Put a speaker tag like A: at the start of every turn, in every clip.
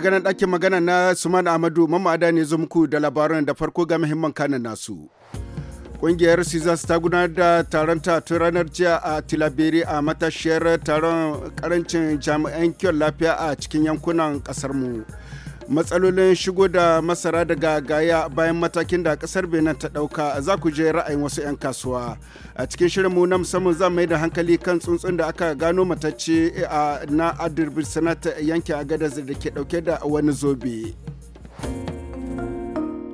A: Daga nan ɗakin magana na Suman amadu Mamada ne zo muku da labaran da farko ga muhimman kanan nasu. Ƙungiyar Caesars ta gudanar da taron ta ranar jiya a Tilaberi a matashiyar taron karancin jami'an kiwon lafiya a cikin yankunan ƙasarmu. mu. matsalolin shigo da masara daga gaya bayan matakin da kasar benin ta dauka za ku je ra'ayin wasu 'yan kasuwa a cikin shirinmu na musamman za mai da hankali kan tsuntsun da aka gano matacce eh, na adirbin sanata yanke agadar da ke dauke da wani zobe.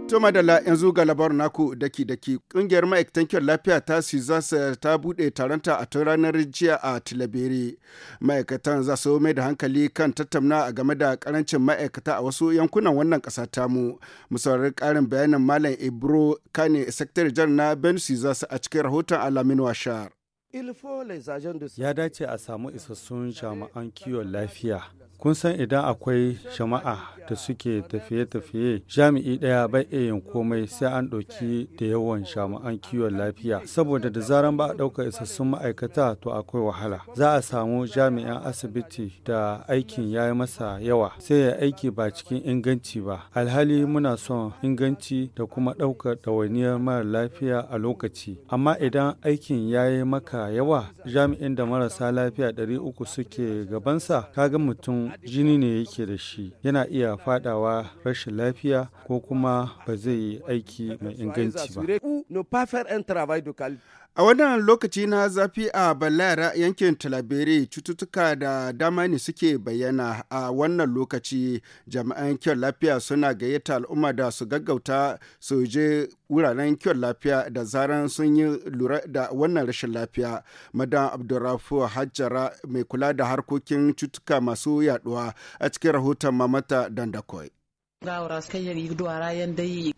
A: To madalla yanzu ga labarin naku daki-daki kungiyar ma'aikatan kiwon lafiya ta Sizas eh, ta bude taronta a tun ranar jiya a Tilabere. Ma'aikatan za su mai da hankali kan tattauna a game da karancin ma'aikata a wasu yankunan wannan kasa ta mu Musawarar karin bayanin Malam Ibro Kane Sakitare Jan na Ben Sizas a cikin rahoton Alamin Washar.
B: Ya dace a samu isassun jama'an kiwon lafiya. Kun san idan akwai jama'a da suke tafiye-tafiye, jami'i ɗaya bai iya yin komai sai an ɗauki da yawan jama'an kiwon lafiya. Saboda da zaran ba a ɗauka isassun ma'aikata to akwai wahala. Za a samu jami'an asibiti da aikin ya yi masa yawa, sai ya aiki ba cikin inganci ba. Alhali muna son inganci da kuma ɗaukar ɗawainiyar mara lafiya a lokaci. Amma idan aikin ya yi maka yawa jami'in da marasa lafiya 300 suke gabansa kaga mutum jini ne yake da shi yana iya fadawa rashin lafiya ko kuma ba zai yi aiki mai inganci
A: ba. A wannan lokaci na zafi a Balara yankin Talabere cututtuka da dama ne suke bayyana a wannan lokaci jami'an kiwon lafiya suna gayyata al'umma da su gaggauta su je wuraren kiwon lafiya da zaran sun yi lura da wannan rashin lafiya. Madan Abdurrafu Hajjara mai kula da harkokin cututtuka masu yaduwa a cikin rahoton Mamata Dandakoi.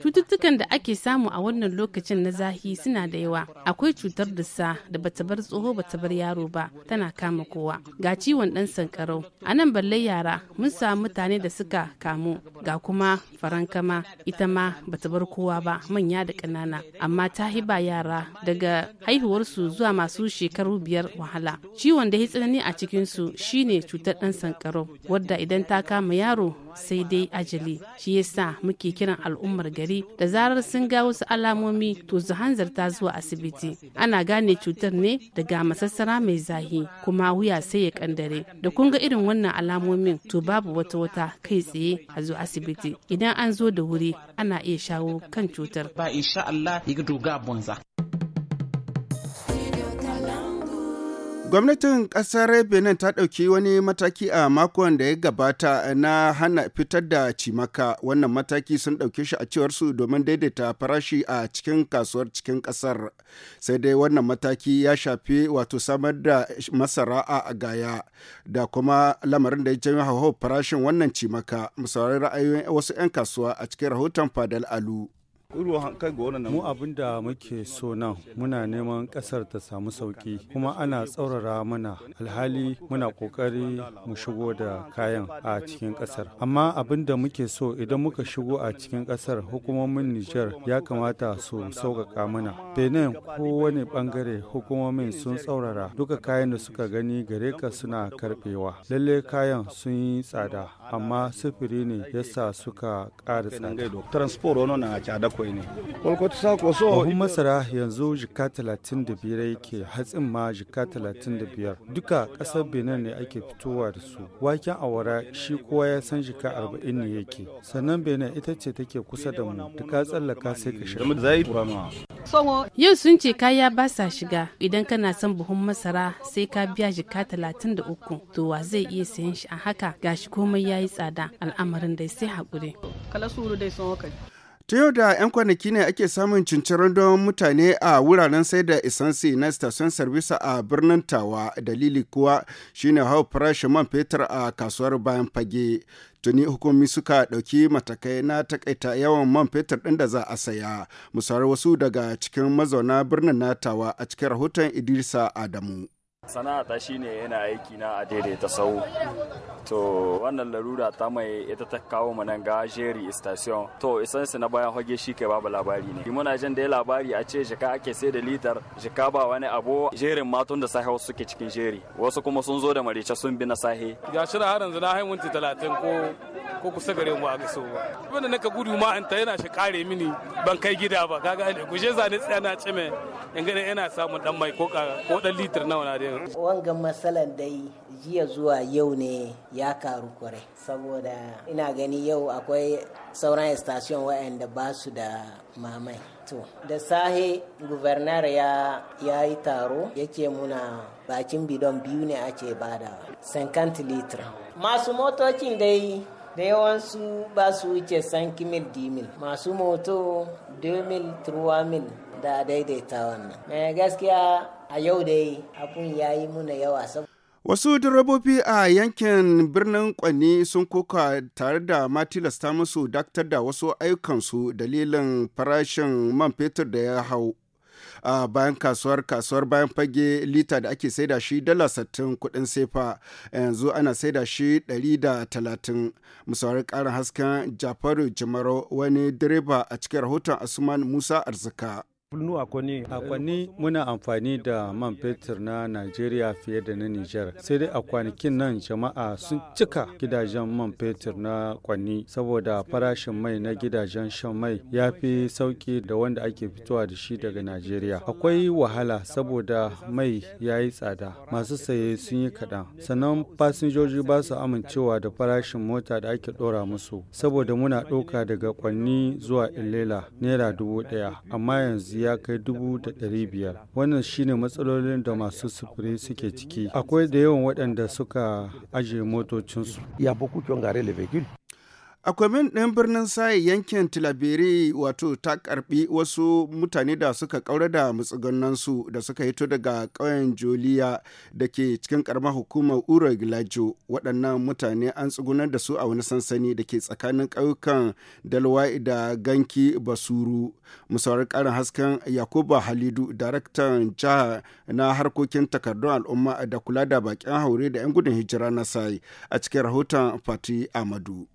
C: Cututtukan da ake samu a wannan lokacin na zahi suna da yawa. Akwai cutar sa da bata bar tsoho bata bar yaro ba tana kama kowa. Ga ciwon ɗan sankarau. A nan balle yara mun samu mutane da suka kamu ga kuma farankama ita ma bata bar kowa ba manya da ƙanana amma ta hiba yara daga haihuwarsu zuwa masu shekaru biyar wahala ciwon da ya tsanani a cikinsu shine cutar ɗan sankarau wadda idan ta kama yaro sai dai ajali shi yasa muke kiran al'ummar gari da zarar sun ga wasu alamomi to su hanzarta zuwa asibiti ana gane cutar ne daga masassara mai zahi kuma wuya sai ya kandare da kun ga irin wannan alamomin to babu wata wata kai tsaye a zuwa. asibiti idan an zo da wuri ana iya shawo kan cutar ba insha Allah ga duga bonza
A: Gwamnatin ƙasar Benin ta ɗauki wani mataki a makon da ya gabata na hana fitar da cimaka. Wannan mataki sun ɗauke shi a cewar domin daidaita farashi a cikin kasuwar cikin ƙasar. Sai dai wannan mataki ya shafi wato samar da masara a gaya da kuma lamarin da ya janyo hauhawar farashin wannan cimaka. Musawarar ra'ayoyin wasu 'yan kasuwa a cikin rahoton Fadal Alu.
B: Mu abin da muke so nan muna neman ƙasar ta samu sauƙi kuma ana tsaurara mana alhali muna ƙoƙari mu shigo da kayan a cikin ƙasar. Amma abin da muke so idan muka shigo a cikin ƙasar hukumomin Nijar ya kamata su sauƙaƙa mana. Benin kowane ɓangare hukumomin sun tsaurara duka kayan da suka gani gare ka suna karɓewa. Lalle kayan sun yi tsada amma sufuri ne yasa suka ƙara tsada. bakwai ne kwalkwata buhun masara yanzu jika talatin da biyar yake hatsin ma jika talatin duka kasar benin ne ake fitowa da su waken awara shi kowa ya san jika arba'in ne yake sannan benin ita ce take kusa da mu da ka tsallaka sai ka shiga
C: yau sun ce kaya ba sa shiga idan kana son buhun masara sai ka biya jika talatin da uku to wa zai iya sayan shi a haka gashi komai ya yi tsada al'amarin dai sai haƙuri kala
A: Ta yau da 'yan kwanaki ne ake samun cincirin don mutane a wuraren sai da isansi na station service a birnin Tawa dalili kuwa shine hau farashin man fetur a kasuwar bayan fage. Tuni hukumi suka ɗauki matakai na takaita yawan man fetur ɗin da za a saya. Musawar wasu daga cikin mazauna birnin na Tawa a cikin rahoton Idrisa Adamu.
B: sana'ata shine yana aiki na a daidaita sau to wannan larura ta mai ita ta kawo mu nan ga jeri station to isansu na bayan hoge shi ke babu labari ne muna jin da labari a ce jika ake sai da litar jika ba wani abu jerin matun da sahi wasu suke cikin jeri wasu kuma sun zo da marice sun bi na
C: sahi ga shi har yanzu na haimunti talatin ko ko kusa gare mu a gaso ba abin da naka gudu ma ta yana shi kare mini ban kai gida ba kaga ne guje zane tsaya na cime in ga yana samun dan mai ko ko dan litar nawa na da wangan matsalar dai jiya zuwa yau ne ya karu kwarai saboda ina gani yau akwai sauran station waɗanda ba su da mamai to da sahe gubernar ya yi taro yake muna bakin bidon biyu ne ake badawa sankant litre masu motocin dai da yawansu ba su wuce sanki mil dimil masu moto 3 mil da daidaita wannan eh, gaskiya a yau dai abun ya yi muna yawa
A: Wasu direbobi a yankin birnin kwani sun koka tare da ma tilasta musu daktar da wasu ayyukansu dalilin farashin man fetur da ya hau. a bayan kasuwar kasuwar bayan fage lita da ake saida shi dala sattin kudin sefa yanzu ana saida shi ɗari da talatin musawar karin hasken jafaru jimaro wani direba a cikin rahoton asuman musa arzika
B: a kwanni muna amfani da man fetur na Najeriya fiye da na Nijar. Sai dai a kwanakin nan jama'a sun cika gidajen man fetur na kwanni saboda farashin mai na gidajen shan mai ya fi sauki da wanda ake fitowa da shi daga Najeriya. Akwai wahala saboda mai ya yi tsada, masu saye sun yi kaɗan. Sannan fasinjoji ba su amincewa da farashin mota da ake ɗora musu saboda muna ɗauka daga kwanni zuwa Ilela naira dubu ɗaya amma yanzu ya kai dubu da ɗari biyar wannan shine matsalolin da masu sufuri suke ciki akwai da yawan waɗanda suka ajiye motocinsu Akwamin ɗin birnin sai
A: yankin Tilabiri wato ta karbi wasu mutane da suka kaura da matsugunansu da suka hito daga ƙauyen Joliya da ke cikin karamar hukumar Uro Gilajo. Waɗannan mutane an tsugunar da su a wani sansani da ke tsakanin ƙauyukan Dalwai da Ganki Basuru. Musawar ƙarin hasken Yakuba Halidu, daraktan jiha na harkokin takardun al'umma da kula da baƙin haure da 'yan gudun hijira na
B: sai a cikin rahoton Fati Amadu.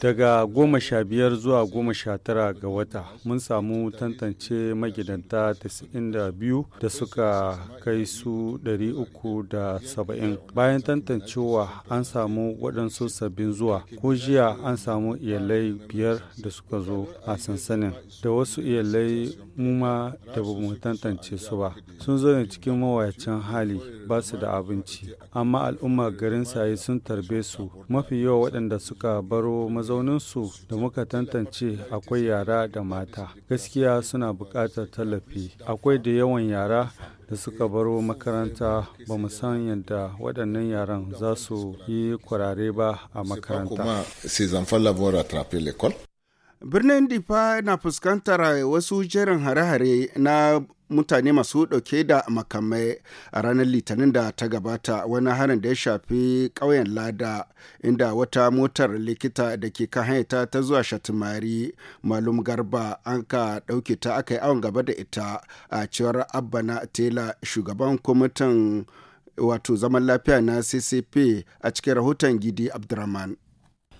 B: Daga goma sha biyar zuwa goma sha tara ga wata mun samu tantance magidanta 92 da suka kai su da saba'in Bayan tantancewa an samu waɗansu sabbin zuwa. Ko jiya an samu iyalai biyar da suka zo a sansanin. Da wasu iyalai muma da ba mu tantance su ba. Sun zo ne cikin mawayacin hali ba su da abinci. Amma al'umma garin saye sun tarbe su mafi mafi yawa waɗanda suka baro mazauninsu da muka tantance akwai yara da mata gaskiya suna buƙatar tallafi akwai da yawan yara da suka baro makaranta ba san yadda waɗannan yaran za su yi kurare ba a makaranta
A: Birnin Difa na fuskantar wasu jerin hare-hare na mutane masu dauke da makamai a ranar litinin da ta gabata wani harin da ya shafi ƙauyen lada inda wata motar likita da ke kan hanyata ta zuwa shatimari malum garba an ka ɗauke ta aka yi awon gaba da ita a cewar abana tela shugaban kwamitin wato zaman lafiya na ccp a cikin rahoton gidi abdurrahman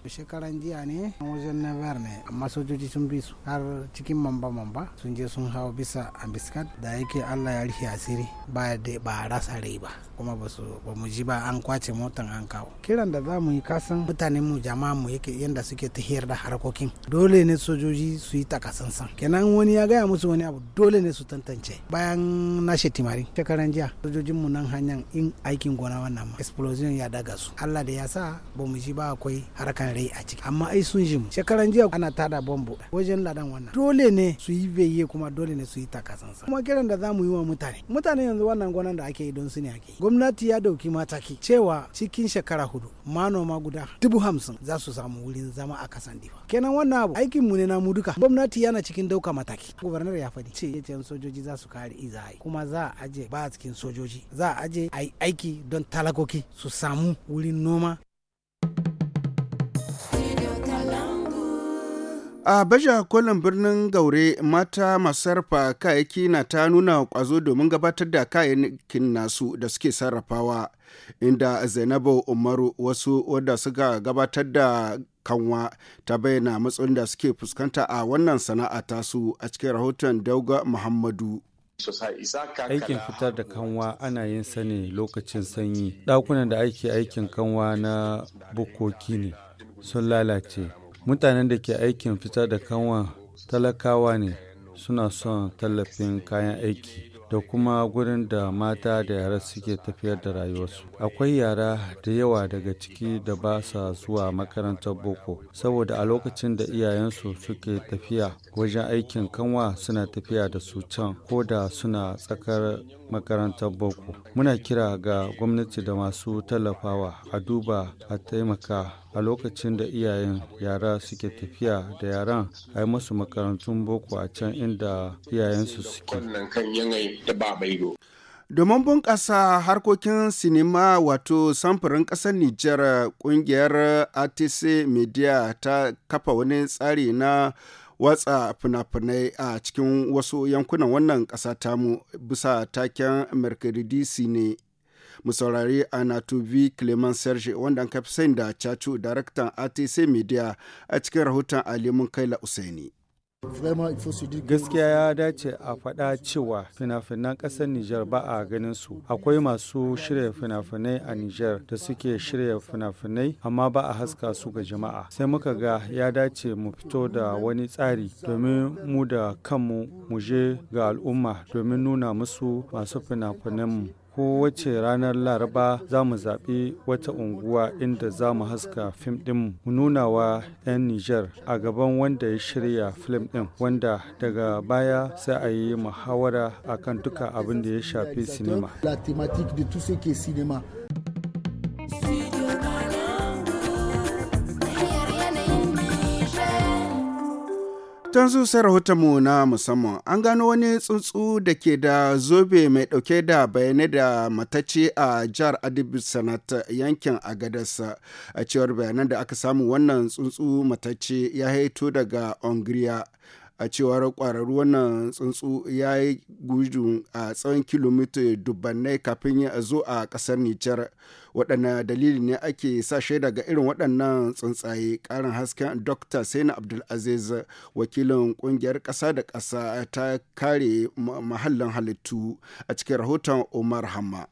D: shekaran jiya ne wajen navar ne amma sojoji sun bi su har cikin mamba mamba sun je sun hau bisa biskat da yake allah ya rufe asiri ba da ba rasa rai ba kuma ba su ba mu ji ba an kwace motan an kawo kiran da za mu yi kasan mutanen mu jama'a mu yake yanda suke tahiyar da harkokin dole ne sojoji su yi takasansan kenan wani ya gaya musu wani abu dole ne su tantance bayan nashe timari shekaran jiya sojojin mu nan hanyar in aikin gona wannan ma explosion ya daga su allah da ya sa ba mu ji ba akwai harkan rai a ciki amma ai sun jimu shekaran jiya ana tada bombo wajen ladan wannan dole ne su yi beye kuma dole ne su yi takasansa kuma kiran da za mu yi wa mutane mutane yanzu wannan gonan da ake yi don su ne ake gwamnati ya dauki mataki cewa cikin shekara hudu manoma guda dubu hamsin za su samu wurin zama a kasan diwa. kenan wannan abu aikin mu ne na mu duka gwamnati yana cikin dauka mataki gubernar ya faɗi ce yace sojoji za su kare izai kuma za a aje ba cikin sojoji za a aje a aiki don talakoki su samu wurin noma
A: A baja kolin birnin Gaure mata masu sarrafa kayayyaki na ta nuna kwazo domin gabatar da kayayyakin nasu da suke sarrafawa, inda Zainabu Umaru wasu wadda suka gabatar da kanwa ta bayyana matsayin da suke fuskanta a wannan sana'a tasu a cikin rahoton Dauga Muhammadu.
B: Aikin fitar da kanwa ana yin sani lokacin sanyi. Ɗakunan da ake aikin kanwa na bukoki ne sun lalace. Mutanen da ke aikin fitar da kanwa talakawa ne suna son tallafin kayan aiki da kuma gurin da mata da yara suke tafiyar da rayuwarsu. Akwai yara da yawa daga ciki da ba sa zuwa makarantar boko saboda a lokacin da iyayensu suke tafiya wajen aikin kanwa suna tafiya da su can ko da suna tsakar makarantar boko. Muna kira ga gwamnati da masu tallafawa a duba a taimaka a lokacin da iyayen yara suke tafiya da yaran a yi masu makarantun boko a can inda iyayensu suke.
A: Domin bunƙasa harkokin sinima wato samfurin ƙasar Nijar ƙungiyar ATC Media ta kafa wani tsari na watsa fina-finai a cikin wasu yankunan wannan ƙasa tamu bisa taken dc ne. mu saurari v clement serge wanda an kafi sain da cacu daraktan atc media a cikin rahoton alimun kaila usaini Gaskiya
B: ya dace a faɗa cewa fina-finan ƙasar Nijar ba a ganin su. Akwai masu shirya fina-finai a Nijar da suke shirya fina-finai amma ba a haska su ga jama'a. Sai muka ga ya dace mu fito da wani tsari domin mu da kanmu mu je ga al'umma domin nuna musu masu fina-finan ko wace ranar laraba za mu zaɓi wata unguwa inda za mu haska fim ɗin mu nuna wa 'yan Nijar a gaban wanda ya shirya fim ɗin wanda daga baya sai a yi muhawara akan duka abin da ya shafi sinima.
A: Don su mu na musamman an gano wani tsuntsu da ke da zobe mai dauke da bayanai da matace a jihar Adib Sanat yankin Agadas a cewar bayanan da aka samu wannan tsuntsu matace ya haito daga ungiriya. a cewar kwararru wannan tsuntsu ya yi gudu a tsawon kilomita dubannai kafin ya zo a kasar nijar waɗanne dalili ne ake sa shaida ga irin waɗannan tsuntsaye ƙarin hasken dr saina abdulaziz wakilin ƙungiyar ƙasa da ƙasa ta kare mahallin halittu a cikin rahoton umar hamma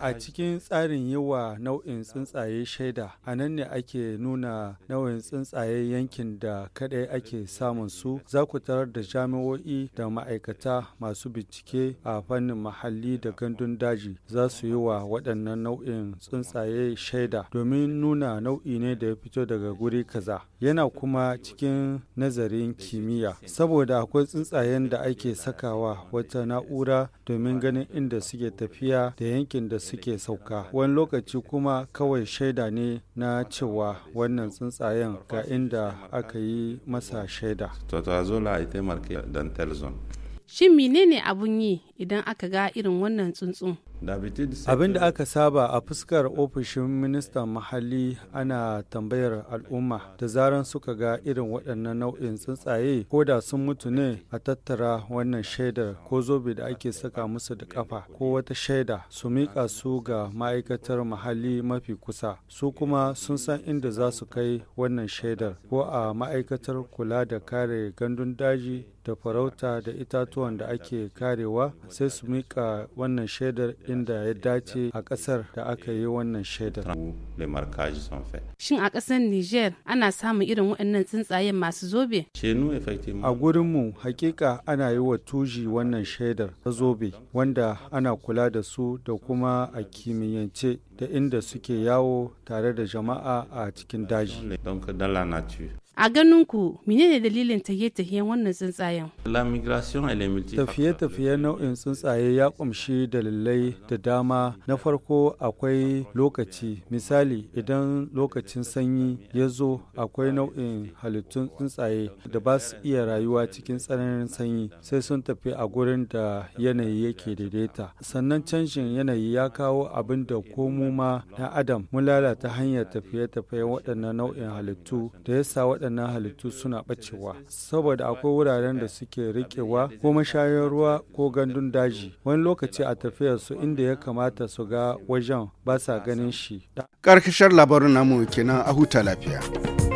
B: A cikin tsarin yawa nau'in tsuntsaye shaida, a nan ne ake nuna nau'in tsuntsaye yankin da kadai ake samun su, za ku tarar da jami'o'i da ma'aikata masu bincike a fannin mahalli da gandun daji za su yi wa waɗannan nau'in tsuntsaye shaida domin nuna nau'i ne da ya fito daga guri kaza. Yana kuma cikin nazarin kimiyya, saboda akwai tsuntsayen da ake sakawa wata na'ura domin ganin inda suke tafiya. tafiya da yankin da suke sauka wani lokaci kuma kawai shaida ne na cewa wannan tsuntsayen ga inda aka yi masa shaida
C: Shin menene abun yi idan aka ga irin wannan tsuntsun.
B: Abin da aka saba a fuskar ofishin ministan mahalli ana tambayar al'umma da zaran suka ga irin waɗannan nau'in tsuntsaye ko da sun mutu ne a tattara wannan shaidar ko zobe da ake saka musu da kafa ko wata shaida su miƙa su ga ma'aikatar mahalli mafi kusa su kuma sun san inda za su kai wannan shaidar ko a ma'aikatar kula da kare gandun daji da farauta da itatuwan da ake karewa sai su mika wannan shaidar inda ya dace a ƙasar da aka yi wannan shaidar.
C: Shin a ƙasar Niger ana samun irin waɗannan tsuntsayen masu zobe?
B: A gurinmu hakika ana yi wa tuji wannan shaidar ta zobe wanda ana kula da su da kuma a kimiyyance da inda suke yawo tare da jama'a a cikin daji.
C: a ganin ku menene dalilin tafiye-tafiyen wannan tsuntsayen
B: tafiye-tafiye nau'in tsuntsaye ya kumshi dalilai da dama na farko akwai lokaci misali idan lokacin sanyi ya zo akwai nau'in halittun tsuntsaye da ba su iya rayuwa cikin tsananin sanyi sai sun tafi a gurin da yanayi yake daidaita sannan canjin yanayi ya kawo abin da ko mu ma na adam mun lalata hanyar tafiye tafiye waɗannan nau'in halittu da ya sa waɗannan halittu suna ɓacewa saboda akwai wuraren da suke riƙewa ko mashayar ruwa ko gandun daji wani lokaci a tafiyar su inda ya kamata su ga wajen ba sa ganin shi.
A: Ƙarkashar labarin namu kenan a huta lafiya.